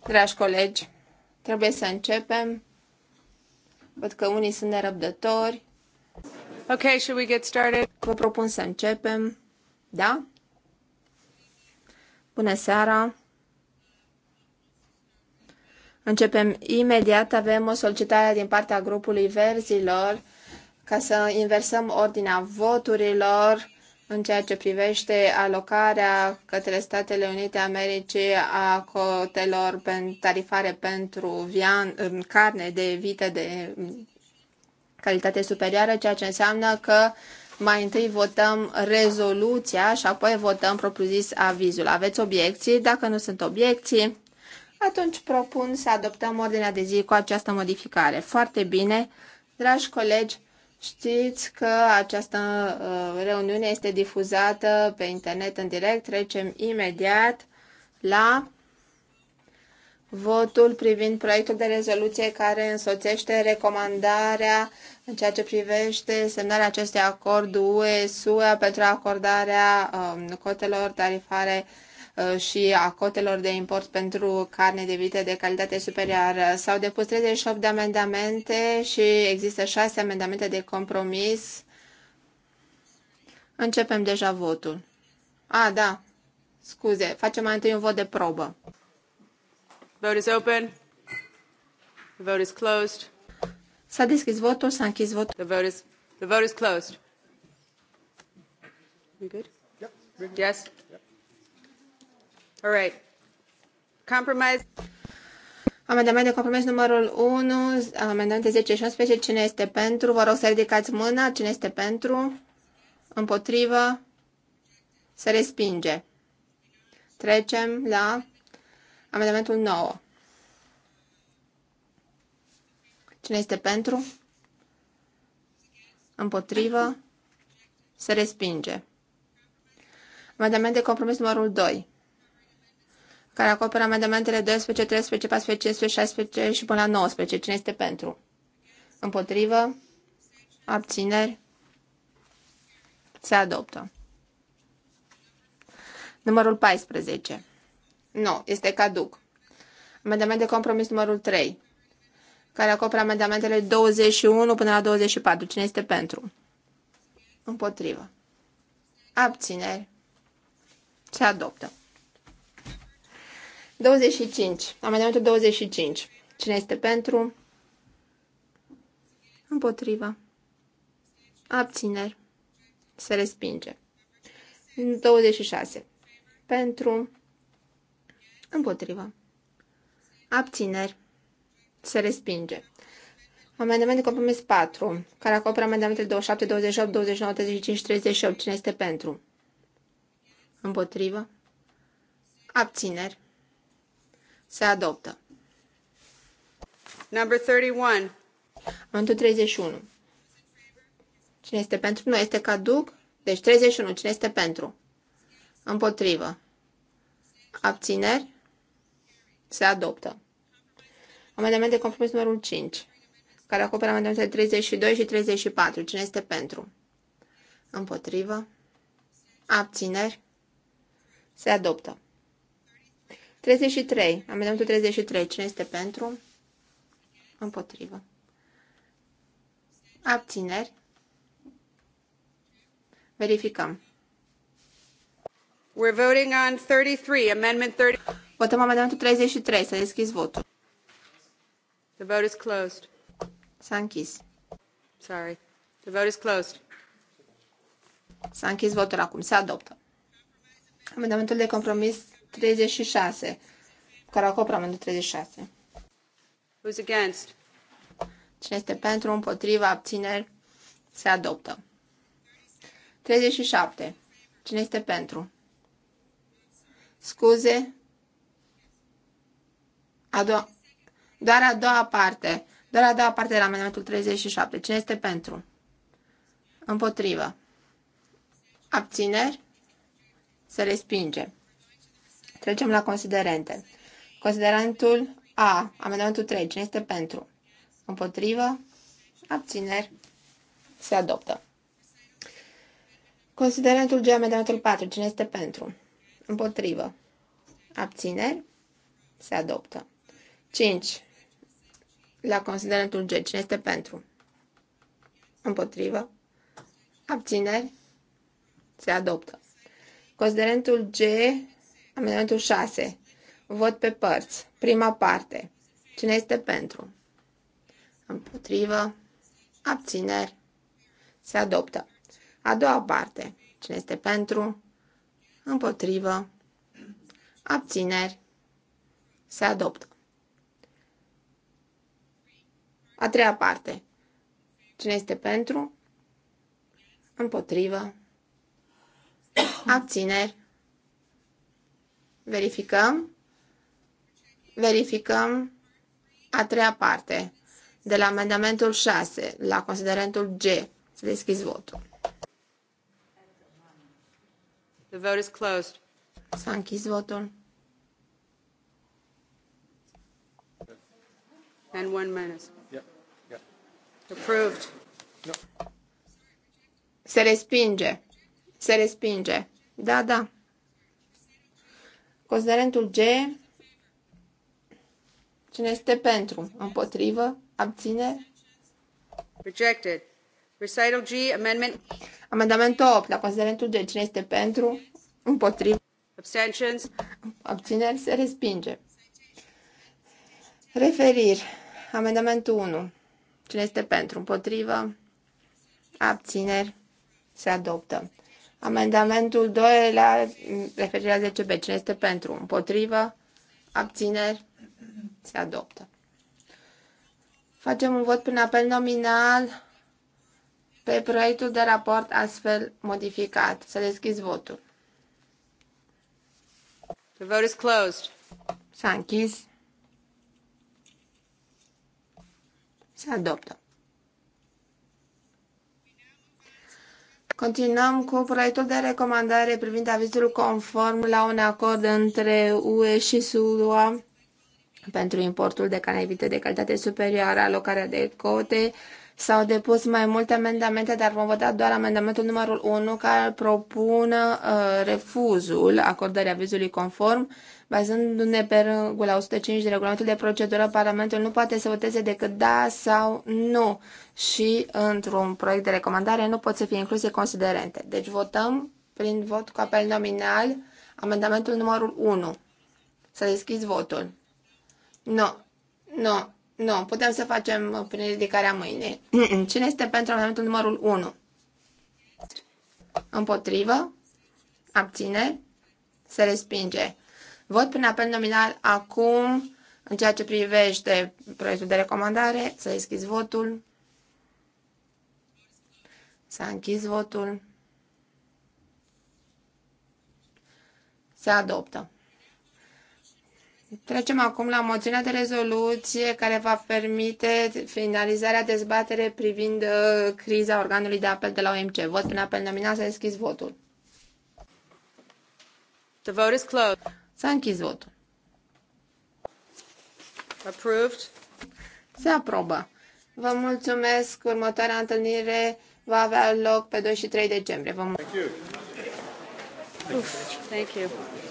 Dragi colegi, trebuie să începem. Văd că unii sunt nerăbdători. Okay, should we get started? Vă propun să începem. Da? Bună seara! Începem imediat. Avem o solicitare din partea grupului verzilor ca să inversăm ordinea voturilor în ceea ce privește alocarea către Statele Unite Americii a cotelor tarifare pentru vian, carne de vită de calitate superioară, ceea ce înseamnă că mai întâi votăm rezoluția și apoi votăm propriu-zis avizul. Aveți obiecții? Dacă nu sunt obiecții, atunci propun să adoptăm ordinea de zi cu această modificare. Foarte bine, dragi colegi, Știți că această uh, reuniune este difuzată pe internet în direct. Trecem imediat la votul privind proiectul de rezoluție care însoțește recomandarea în ceea ce privește semnarea acestui acord UE-SUA pentru acordarea um, cotelor tarifare uh, Uh, și a cotelor de import pentru carne de vită de calitate superioară. S-au depus 38 de amendamente și există 6 amendamente de compromis. Începem deja votul. A, da, scuze, facem mai întâi un vot de probă. Vote is open. The vote is closed. S-a deschis votul, s-a închis votul. The vote is, the vote is closed. We good? Yep. Yes? Yep. All right. Compromise. Amendament de compromis numărul 1, amendamente 10 și 11. Cine este pentru? Vă rog să ridicați mâna. Cine este pentru? Împotrivă? Se respinge. Trecem la amendamentul 9. Cine este pentru? Împotrivă? Se respinge. Amendament de compromis numărul 2 care acoperă amendamentele 12, 13, 14, 15, 16 și până la 19. Cine este pentru? Împotrivă? Abțineri? Se adoptă. Numărul 14. Nu, este caduc. Amendament de compromis numărul 3, care acoperă amendamentele 21 până la 24. Cine este pentru? Împotrivă. Abțineri. Se adoptă. 25. Amendamentul 25. Cine este pentru? Împotriva. Abțineri. Se respinge. 26. Pentru. Împotriva. Abțineri. Se respinge. Amendamentul de compromis 4, care acoperă amendamentele 27, 28, 29, 35, 38. Cine este pentru? Împotrivă. Abțineri. Se adoptă. Number 31. Amendul 31. Cine este pentru? Nu este caduc. Deci 31. Cine este pentru? Împotrivă. Abțineri? Se adoptă. Amendament de compromis numărul 5, care acoperă amendamentele 32 și 34. Cine este pentru? Împotrivă. Abțineri? Se adoptă. 33. Amendamentul 33. Cine este pentru? Împotrivă. Abțineri. Verificăm. We're voting on 33, amendment 30. Votăm amendamentul 33. Să deschizi votul. The vote is closed. S-a închis. Sorry. The vote is closed. S-a închis votul acum. Se adoptă. Amendamentul de compromis 36, care acoperă amendul 36. Who's against? Cine este pentru, împotriva, abțineri, se adoptă. 37. Cine este pentru? Scuze. A doua, doar a doua parte. Doar a doua parte de la amendamentul 37. Cine este pentru? Împotrivă. Abțineri? Se respinge. Trecem la considerente. Considerentul A, amendamentul 3, cine este pentru? Împotrivă? Abțineri? Se adoptă. Considerentul G, amendamentul 4, cine este pentru? Împotrivă? Abțineri? Se adoptă. 5. La considerentul G, cine este pentru? Împotrivă? Abțineri? Se adoptă. Considerentul G, Amendamentul 6. Vot pe părți. Prima parte. Cine este pentru? Împotrivă. Abțineri. Se adoptă. A doua parte. Cine este pentru? Împotrivă. Abțineri. Se adoptă. A treia parte. Cine este pentru? Împotrivă. Abțineri. Verificăm. Verificăm a treia parte de la amendamentul 6 la considerentul G. Să deschizi votul. The vote is closed. S-a închis votul. And one minus. Yeah. Yeah. Approved. No. Se respinge. Se respinge. Da, da. Considerentul G, cine este pentru, împotrivă, abține. Rejected. Recital G, amendment. Amendamentul 8, la considerentul G, cine este pentru, împotrivă. Abstentions. Abțineri se respinge. Referir, Amendamentul 1. Cine este pentru? Împotrivă? Abțineri. Se adoptă. Amendamentul 2 la referirea 10b. Cine este pentru? Împotrivă? Abțineri? Se adoptă. Facem un vot prin apel nominal pe proiectul de raport astfel modificat. Să deschizi votul. The vote is closed. S-a închis. Se adoptă. Continuăm cu proiectul de recomandare privind avizul conform la un acord între UE și SUA pentru importul de canevite de calitate superioară, alocarea de cote S-au depus mai multe amendamente, dar vom vota doar amendamentul numărul 1 care propună uh, refuzul acordării avizului conform. Bazându-ne pe regula 105 de regulamentul de procedură, Parlamentul nu poate să voteze decât da sau nu și într-un proiect de recomandare nu pot să fie incluse considerente. Deci votăm prin vot cu apel nominal amendamentul numărul 1. Să deschizi votul. Nu. No. Nu. No. Nu, putem să facem prin ridicarea mâinii. Cine este pentru amendamentul numărul 1? Împotrivă? Abține? Se respinge. Vot prin apel nominal acum în ceea ce privește proiectul de recomandare. Să deschizi votul. S-a închis votul. Se adoptă. Trecem acum la moțiunea de rezoluție care va permite finalizarea dezbatere privind uh, criza organului de apel de la OMC. Vot prin apel nominal s-a deschis votul. The vote is closed. S-a închis votul. Approved. Se aprobă. Vă mulțumesc. Următoarea întâlnire va avea loc pe 2 și 3 decembrie. Vă mulțumesc. Thank you. Oof, thank you.